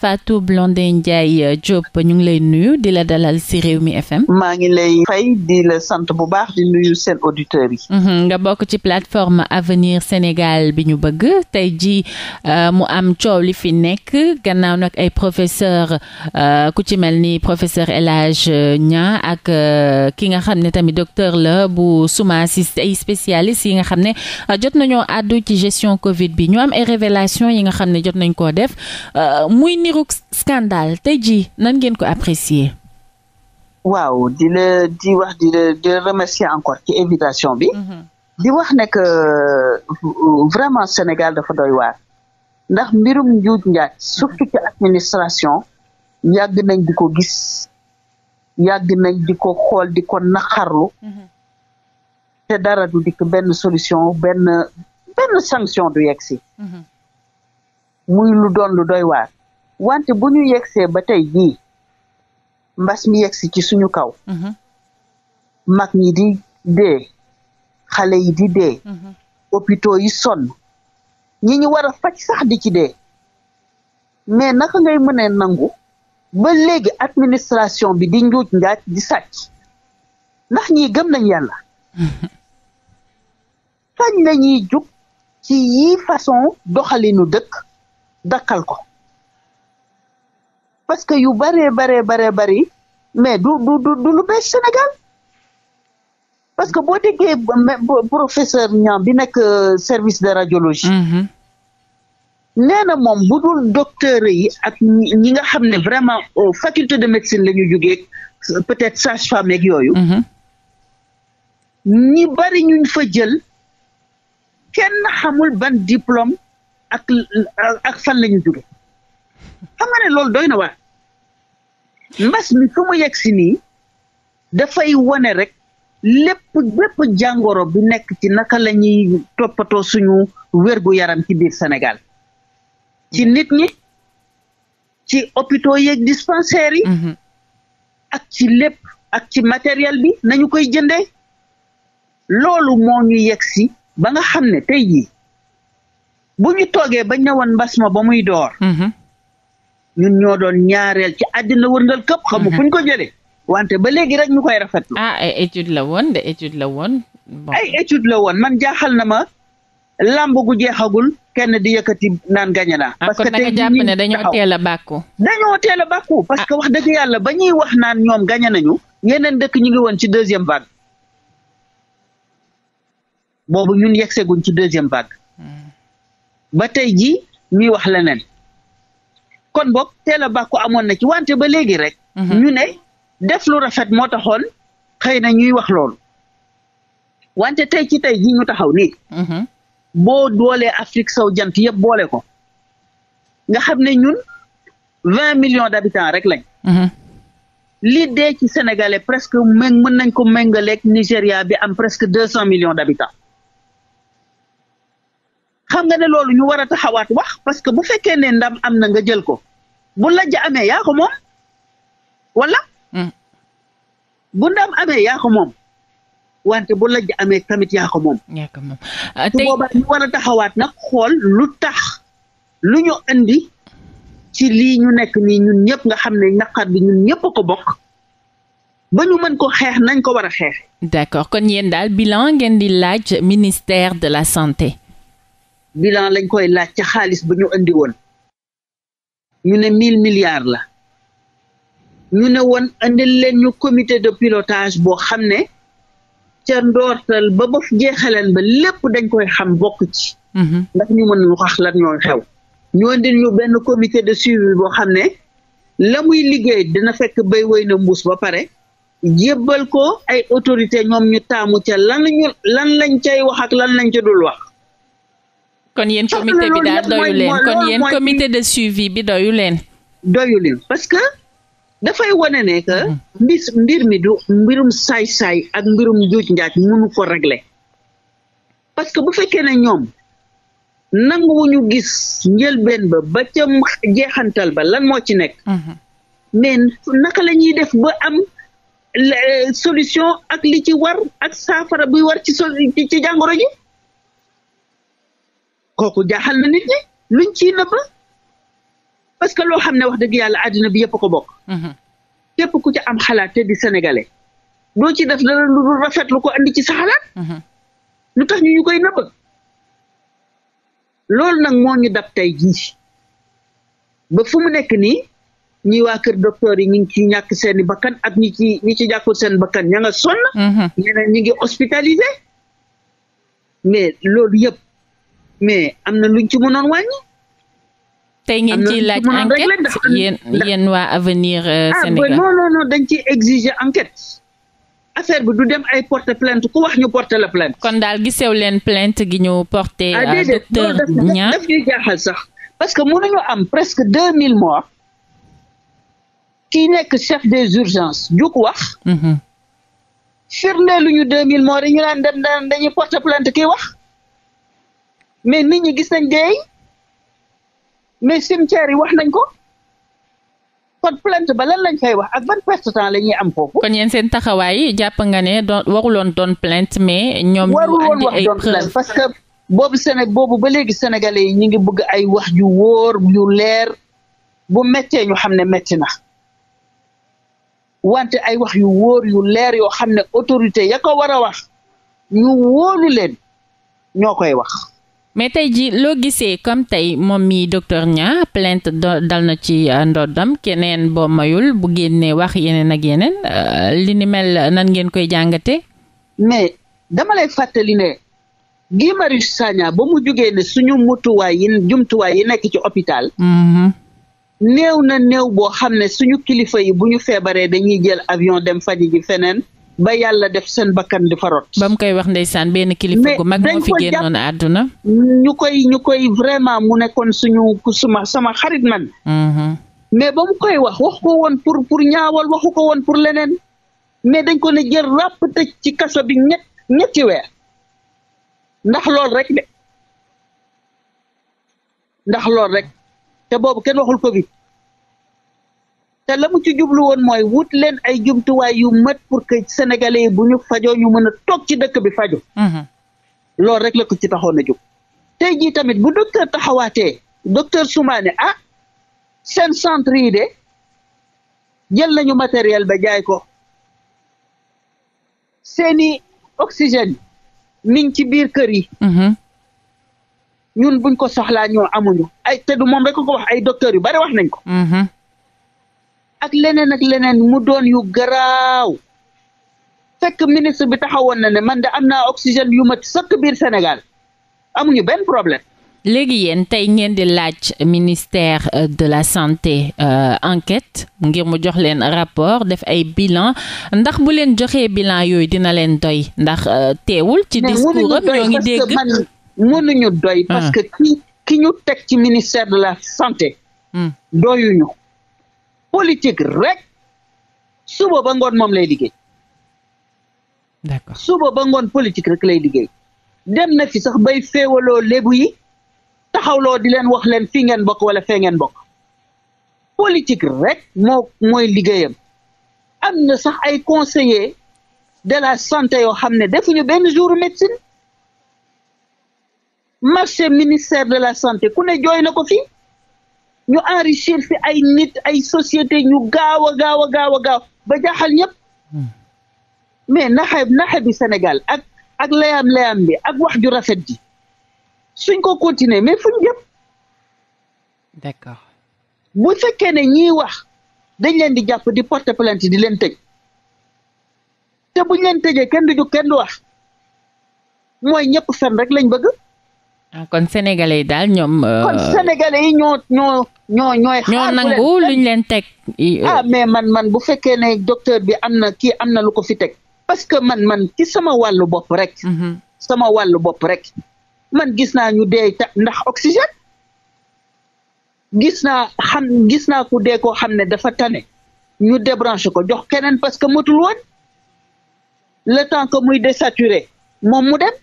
Fatou Blondin Ndiaye euh, Diop ñu ngi lay nuyu di la dalal ci Rewmi FM. maa ngi lay fay di la sant bu baax di nuyu seen auditeurs yi. Mhm, nga bokk ci plateforme Avenir Sénégal bi ñu bëgg tey ji euh, mu am coow li fi nekk gannaaw nag ay professeur euh, ku ci mel ni professeur El Hadj Niang ak ki nga xam ne tamit docteur la bu suma ay spécialiste yi nga xam ne jot nañoo àddu ci gestion Covid bi ñu am ay révélation yi nga xam ne jot nañ koo def muy aveniruk scandale tey jii nan ngeen ko apprécier. waaw di la di wax di la di remercier encore ci invitation bi. Mhm. di wax ne que euh, vraiment Sénégal dafa doy waar. ndax mbirum njuuj njaaj surtout ci administration yàgg nañ di ko gis yàgg nañ di ko xool di ko naxarlu. Mhm. te dara du dikk benn solution benn benn sanction du yegg si. Mhm. muy lu doon lu doy waar. wante bu ñu yegsee ba tey jii mbas mi yegsi ci suñu kaw mhm. mag ñi di dee xale yi di dee mhm. hôpitaux yi sonn ñi ñu war a faj sax di ci dee mais naka ngay mën nangu ba léegi administration bi di njuuj njaaj di sàcc ndax ñi gëm nañ yàlla fañ na ñuy jug ci yi façon doxalinu dëkk daqal ko parce que yu bëree baree baree bëri mais du du du lu bees Sénégal parce que boo déggee professeur ñaam bi nekk euh, service de radiologie mm-hmm. nee na moom bu dul docteur yi ak ñi nga xam ne vraiment faculté de médecine la ñu peut-être sage-femme yooyu mm-hmm. ñi bari ñuñ fa jël kenn xamul ban diplôme ak fan lañu ñu xam ne loolu doy na waar mbas mi fu mu yegg si nii dafay wane rek lépp lépp jàngoro bu nekk ci naka lañuy toppatoo suñu wérgu yaram ci biir Sénégal ci nit ñi ci hôpitaux yeeg dispensaires yi. Mhm. ak ci lépp ak ci matériel bi nañu koy jënde loolu moo ñu yegg si ba nga xam ne tey yi bu ñu toogee ba ñëwoon mbas ma ba muy door. Mhm. ñun ñoo doon ñaareel ci àddina wërngal këpp xamu mhm. fu ñu ko jëlee wante ba léegi rek ñu koy rafetlu. ah ay étude la woon de étude la woon. ay étude la woon man jaaxal na ma làmb gu jeexagul kenn di yëkkati naan gañe naa. Ah, parce que tey jàpp ne dañoo teel a bàkku. dañoo teel a bàkku parce que ah. wax dëkk yàlla ba ñuy wax naan ñoom gañe nañu. yeneen dëkk ñu ngi woon ci deuxième vague boobu ñun yegseguñ ci deuxième vague hmm. ba tey ji ñuy wax leneen. kon boog teel a bàkku amoon na ci wante ba léegi rek. Mhm. ñu ne def lu rafet moo taxoon xëy na ñuy wax loolu. wante tey ci tey ji ñu taxaw nii. Mhm. boo doolee Afrique sow jant yëpp boole ko. nga xam ne ñun vingt millions d'habitants rek lañ. Mhm. li dee ci sénégalais presque mën mën nañ ko méngaleeg Nigéria bi am presque deux cent millions d'habitants. xam nga ne loolu ñu war a taxawaat wax parce que bu fekkee ne ndam am na nga jël ko bu lajja amee yaa ko wala. Mm. bu ndam amee yaa ko moom wante bu lajja amee tamit yaa ko moom. yaa ko na taxawaat nag xool lu tax lu ñu indi ci lii ñu nekk nii ñun ñëpp nga xam ne naqar bi ñun ñëpp ko bokk. ba ñu mën ko xeex nañ ko war a xeex. d'accord kon yéen daal bilan ngeen di laaj ministère de la santé. bilan lañ koy laaj ca xaalis ba ñu indi woon ñu ne mille milliards la ñu ne woon indil leen ñu comité de pilotage boo xam ne ca ndoortal ba ba jeexaleen ba lépp dañ koy xam bokk ci mhm. ndax ñu mën ñu wax lan xew ñu indil ñu benn comité de suivi boo xam ne la muy liggéey dina fekk bay woy na mbuus ba pare jébbal ko ay autorité ñoom ñu taamu ca lan lan lañ cay wax ak lan lañ ca dul wax kon yéen comité bi daal doyu leen kon yéen comité de suivi bi doyu leen parce que dafay wone ne que mhm. mbir mbir mi du mbirum saay-saay ak mbirum njuuj njaaj mënu ko régler parce que bu fekkee na ñoom nanguwuñu gis njëlbeen ba ba ca jeexantal ba lan moo ci nekk mhm. mais naka la def ba am euh, solution ak li ci war ak saafara bi war ci ci jàngoro ji kooku jaxal na nit ñi luñ ci nëbb parce que loo xam ne wax dëgg yàlla àddina bi yëpp ko bokk. Mhm. képp ku ci am xalaat te di sénégalais doo ci def dara lu rafet lu ko andi ci sa xalaat. Mhm. lu tax ñu ñu koy nëbb loolu nag moo ñu dab tey jii ba fu mu nekk nii ñi waa kër docteur yi ñu ngi ciy ñàkk seen bakkan ak ñi ci ñi ci ñàkkul seen bakkan ña nga sonn. Mhm. ñeneen ñi ngi hospitalisé mais loolu yëpp. mais am na lu luñ ci mënoon wàññi. tey ngeen ciy laaj enquête yéen yéen waa avenir euh, ah, Sénégal ah non non non dañ ciy exiger enquête. affaire bi du dem ay porter plainte ku wax ñu porter la plainte. kon daal gisew leen plainte gi ñu porter. Ah, docteur Niang daf ñuy jaaxal sax parce que mënuñu am presque deux mille morts kii nekk chef des urgences juk wax. Mhm. firndeeluñu deux mille morts yi ñu laan dem dañuy porter plainte kii wax. mais nit ñi gis nañ dee mais cimetière yi wax nañ ko kon plainte ba lañ fay wax ak ban perte temps la ñuy am foofu. kon yéen seen taxawaay jàpp nga ne doon waruloon doon plainte mais. ñoom ñu andi ay preuve parce que boobu ba léegi sénégalais yi ñu ngi bëgg ay wax yu wóor yu leer bu méttee ñu xam ne métti na wante ay wax yu wóor yu leer yoo xam ne autorité ya ko war a wax ñu wóolu leen ñoo koy wax. mais tey ji loo gisee comme tey moom mi docteur Nia plainte dal na ci euh, ndoddam keneen boo mayul bu génnee wax yeneen ak yeneen euh, li ni mel nan ngeen koy jàngate mais dama lay fàttali ne Guy Marius ba mu jógee ne suñu mutuwaay yi jumtuwaay yi nekk ci hôpital mm-hmm. néew na néew boo xam ne suñu kilifa yi bu ñu feebaree dañuy jël avion dem faji ji feneen ba yàlla def seen bakkan di farot. ba mu koy wax ndeysaan benn kilifa gu mag mu fi génnoon àdduna. ñu koy ñu koy vraiment mu nekkoon suñu suma sama xarit man. Mm-hmm. mais ba mu koy wax wax ko woon pour pour ñaawal waxu ko woon pour leneen mais dañ ko ne jël ràpp tëj ci kaso bi ñett ñetti weer ndax lool rek de ndax lool rek te boobu kenn waxul Covid. te la mu ci jublu woon mooy wut leen ay jumtuwaay yu mat pour que sénégalais yi bu ñu fajoo ñu mën a toog ci dëkk bi faju mhm. loolu rek la ko ci taxoon a jóg te jii tamit bu docteur taxawaatee docteur Soumané ah seen centre yi de jël nañu matériel ba jaay ko seeni oxygène niñ ci biir kër yi mhm. ñun buñ ko soxlaa ñoo amuñu ay te du moom rek ko wax ay docteurs yu bari wax nañ ko mhm. ak leneen ak leneen mu doon yu garaaw fekk ministre bi taxawoon na ne man de am naa oxygène yu mat sëkk biir Sénégal amuñu benn problème. léegi yéen tey ngeen di laaj ministère euh, de la santé euh, enquête ngir mu jox leen rapport def ay bilan ndax bu leen joxee bilan yooyu dina leen doy ndax euh, teewul. ci discours am ñoo ngi dégg man doy. Ah. parce que ki ki ñu teg ci ministère de la santé. Hmm. doyuñu. politique rek suba ba ngoon moom lay liggéey. d'accord suba ba ngoon politique rek lay liggéey. dem na fi sax bay féewaloo lébu yi taxawloo di leen wax leen fii ngeen bokk wala fee ngeen bokk politique rek moo mooy liggéeyam am na sax ay conseillers de la santé yoo xam ne defuñu benn jour médecine marché ministère de la santé ku ne jooy na ko fi ñu enrichir fi ay nit ay société ñu gaaw a gaaw a gaaw a gaaw ba jaaxal ñëpp hmm. mais naxe naxe bi Sénégal ak ak layam bi ak wax ju rafet ji suñ ko continuer mais fuñ jëm d'accord bu fekkee ne ñiy wax dañ leen di jàpp di porter plainte di leen tëj te buñ leen tëjee kenn du jóg kenn wax mooy ñëpp fen rek lañ bëgg Ah, kon sénégalais yi daal ñoom. Euh, kon sénégalais yi ñoo ñoo ñoo ñooy. xaar ñoo luñ leen teg. Euh, ah mais man man bu fekkee ne docteur bi am na kii am na lu ko fi teg. parce que man man ci sama wàllu bopp rek. Mhm. sama wàllu bopp rek. man gis naa ñu dee ndax oxygène. gis naa xam gis naa ku dee koo xam ne dafa tane. ñu débranché ko jox keneen parce que matul woon. le temps que muy désaturé moom mu dem.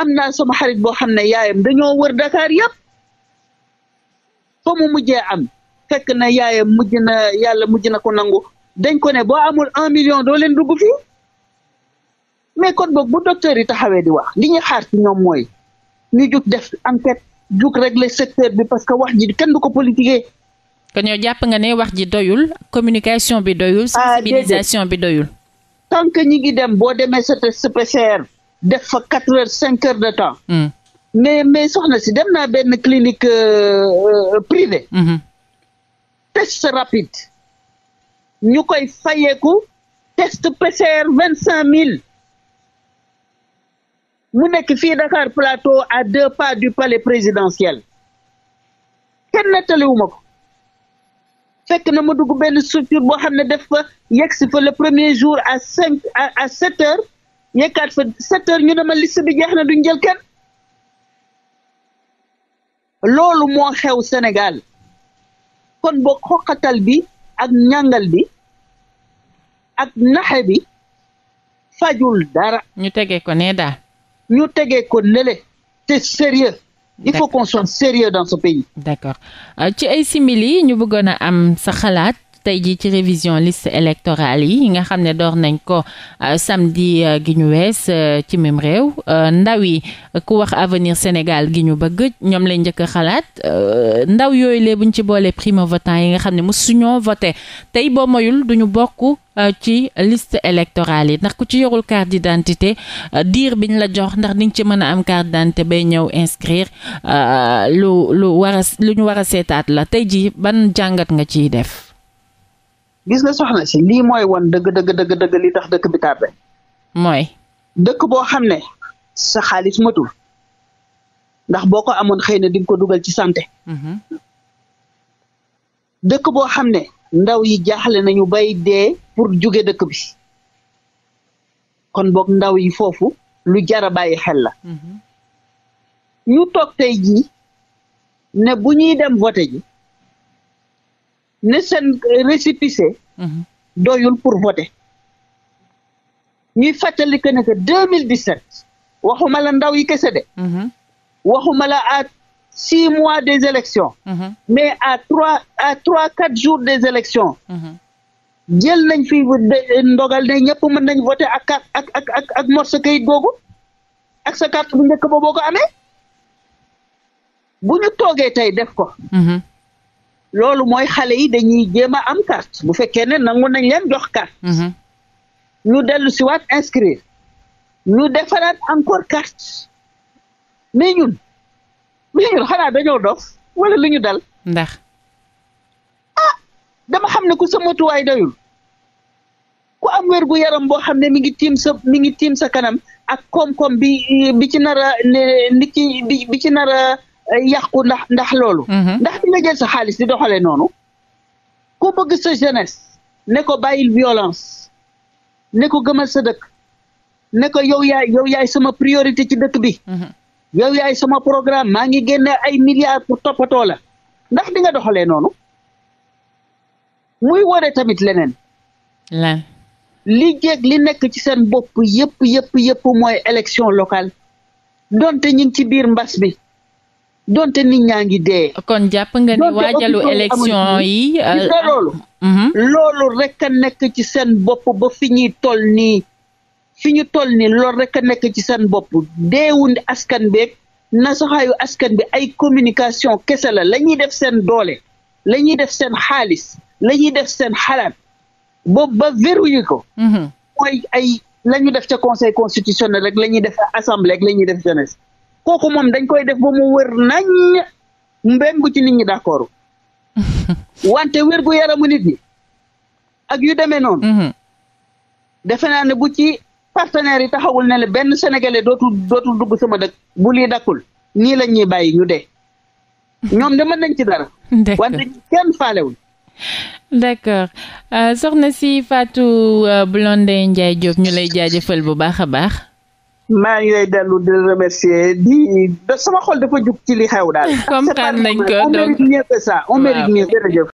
am naa sama xarit boo xam ne yaayam dañoo wër Dakar yëpp fa mu mujjee am fekk na yaayam mujj na yàlla mujj na ko nangu dañ ko ne boo amul un million doo leen dugg fii mais kon boog bu docteur yi taxawee di wax li ñuy xaar ci ñoom mooy ñu jug def enquête jug régler secteur bi parce que wax ji kenn du ko politiquer. kon yow jàpp nga ne wax ji doyul communication bi doyul. Ah, sensibilisation bi doyul. tant ñi ngi dem boo demee sa PCR def fa quatre heures cinq heures de temps. Hmm. mais mais soxna si dem naa benn clinique euh, euh, privée. Hmm. test rapide ñu koy fayeeku test PCR vingt cinq mille mu nekk fii Dakar Plateau à deux pas du palais présidentiel kenn nettaliwuma ko fekk na ma dugg benn structure boo xam ne def fa yegg si fa le premier jour à cinq à à sept heures. yëkkaat fa sept ñu dema liste bi jeex na duñ jël kenn loolu moo xew Sénégal kon boog xoqatal bi ak ñàngal bi ak naxe bi fajul dara ñu tege ko nee daal ñu tege ko nele te sérieux il faut qu'on soit sérieux dans ce pays euh, ci ay simili ñu bëggoon a am sa xalaat tey jii ci révision list électorale yi nga xam ne door nañ ko euh, samedi euh, gi ñu wees euh, ci même réew ndaw yi ku wax avenir Sénégal gi ñu bëgg ñoom lañ njëkk a xalaat ndaw yooyu lee buñ ci boole primo votant yi nga xam ne suñoo voté tey boo moyul duñu bokk ci list électorale yi ndax ku ci yorul carte d'identité diir biñ la jox ndax di nga ci mën a am carte d'identité bay ñëw inscrire lu lu war a lu ñu war a seetaat la tey jii ban jàngat nga ciy def gis nga soxna si lii mooy won dëgg dëgg dëgg dëgg li tax dëkk bi tardé. mooy. dëkk boo xam ne sa xaalis matul ndax boo ko amoon xëy na di ko dugal ci sante mm-hmm. dëkk boo xam ne ndaw yi jaaxle nañu bay dee pour jóge dëkk bi kon boog ndaw yi foofu lu jar a bàyyi xel la. Mm-hmm. ñu toog tey jii ne bu ñuy dem voté ne seen récépissé mhm. doyul pour voter ñuy fàttali que ne que deux mille dix sept waxuma la ndaw yi kese de mhm. waxuma la à six mois des élections mhm. mais à trois à trois quatre jours des élections jël nañ fi ndogal ne ñëpp mën nañ voter ak ak ak ak ak morceau kayit googu ak sa carte bu njëkk ba boo ko toogee tey def ko loolu mooy xale yi dañuy jéem a am carte bu fekkee ne nangu nañ leen jox carte. Mhm. ñu dellu si waat inscrire ñu defaraat encore carte mais ñun mais ñun xanaa dañoo dof wala lu ñu dal. ndax. ah dama xam ne ku sa motuwaay doyul ku am wér gu yaram boo xam ne mi ngi tiim sa mi ngi tiim sa kanam ak koom bi bi ci nar a bi bi ci nar a yàqu ndax ndax loolu. Mhm. ndax di nga jël sa xaalis di doxalee noonu. ku bëgg sa jeunesse ne ko bàyyil violence ne ko gëmal sa dëkk ne ko yow yaay yow yaay sama priorité ci dëkk bi. Mhm. yow yaay sama programme maa ngi génne ay milliards pour toppatoo la ndax di nga doxalee noonu muy wone tamit leneen. lan. li jéeg li nekk ci seen bopp yëpp yëpp yëpp mooy élection locale donte ñu ci biir mbas bi. donte nit ñaa ngi dee. kon jàpp nga ni waajalu élection yi. Euh, loolu. Mhm. loolu rek a nekk ci seen bopp ba fi ñuy toll nii fi ñu toll nii loolu rek a nekk ci seen bopp deewuñ askan beeg nasaxaayu askan bi ay communication kese la la ñuy def seen doole la ñuy def seen xaalis lañuy def seen xalaat boobu ba verrouillé ko. Mhm. mooy ay la ñu def ca conseil constitutionnel rek la ñuy def assemblée rek la ñuy def jeunesse. kooku moom dañ koy def ba mu wër naññ mbéngu ci nit ñi d'accord wante wér gu yaramu nit ñi ak yu demee noonu. Mhm. defe naa ne bu ci partenaires yi taxawul ne la benn sénégalais dootul dootul dugg sama dëkk bu lii dakkul nii lañ bàyyi ñu de ñoom de mën nañ ci dara. wante kenn faalewul. d'accord euh, soxna si Fatou euh, Blondin Ndiaye Diop ñu lay jaajëfal bu baax a baax. maa ngi lay dellu di remercier di sama xol dafa jug ci li xew daal. comprendre nañ ko donc on mérite mieux que ça on mérite mieux jërëjëf.